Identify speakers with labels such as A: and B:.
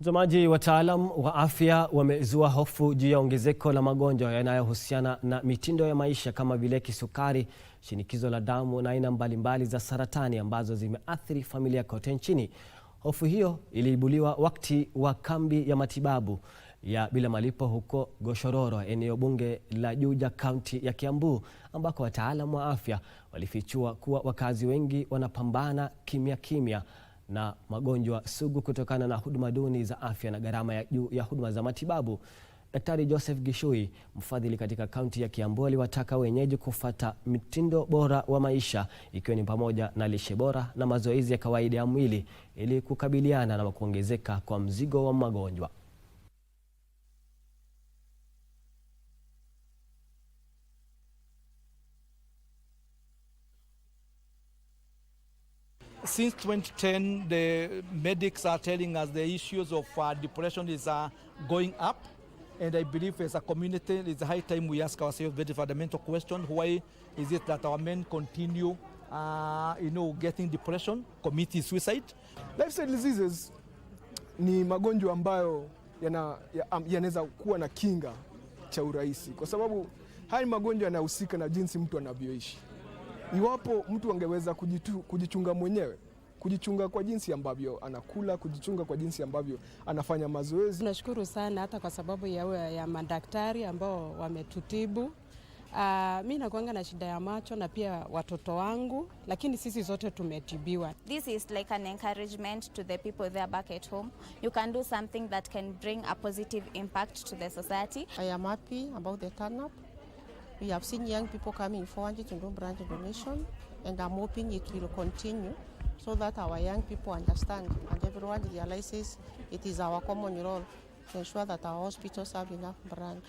A: Mtazamaji, wataalam wa afya wamezua hofu juu ya ongezeko la magonjwa yanayohusiana na mitindo ya maisha kama vile kisukari, shinikizo la damu na aina mbalimbali za saratani ambazo zimeathiri familia kote nchini. Hofu hiyo iliibuliwa wakati wa kambi ya matibabu ya bila malipo huko Goshororo, eneo bunge la Juja, kaunti ya Kiambu, ambako wataalam wa afya walifichua kuwa wakazi wengi wanapambana kimya kimya na magonjwa sugu kutokana na huduma duni za afya na gharama ya juu ya huduma za matibabu. Daktari Joseph Gishui, mfadhili katika kaunti ya Kiambu, aliwataka wenyeji kufuata mtindo bora wa maisha ikiwa ni pamoja na lishe bora na mazoezi ya kawaida ya mwili ili kukabiliana na kuongezeka kwa mzigo wa magonjwa.
B: since 2010 the medics are telling us the issues of uh, depression is uh, going up and I believe as a community it's high time we ask ourselves very fundamental question why is it that our men continue uh, you know, getting depression, committing suicide.
C: Lifestyle diseases ni magonjwa ambayo yanaweza ya, kuwa na kinga cha urahisi kwa sababu haya ni magonjwa yanahusika na jinsi mtu anavyoishi. Iwapo mtu angeweza kujitu, kujichunga mwenyewe, kujichunga kwa jinsi ambavyo anakula, kujichunga kwa jinsi ambavyo anafanya mazoezi.
D: Tunashukuru sana hata kwa sababu ya, ya madaktari ambao wametutibu. Uh, mi nakuanga na shida ya macho na pia watoto wangu, lakini sisi zote tumetibiwa.
E: This is like an encouragement to the people there back at home. You can do something that can bring a positive impact to the society.
F: I am happy about the turn up. We have seen young people coming forward to do branch donation, and I'm hoping it will continue so that our young people understand and everyone realizes it is our common role to ensure that our hospitals have enough branch.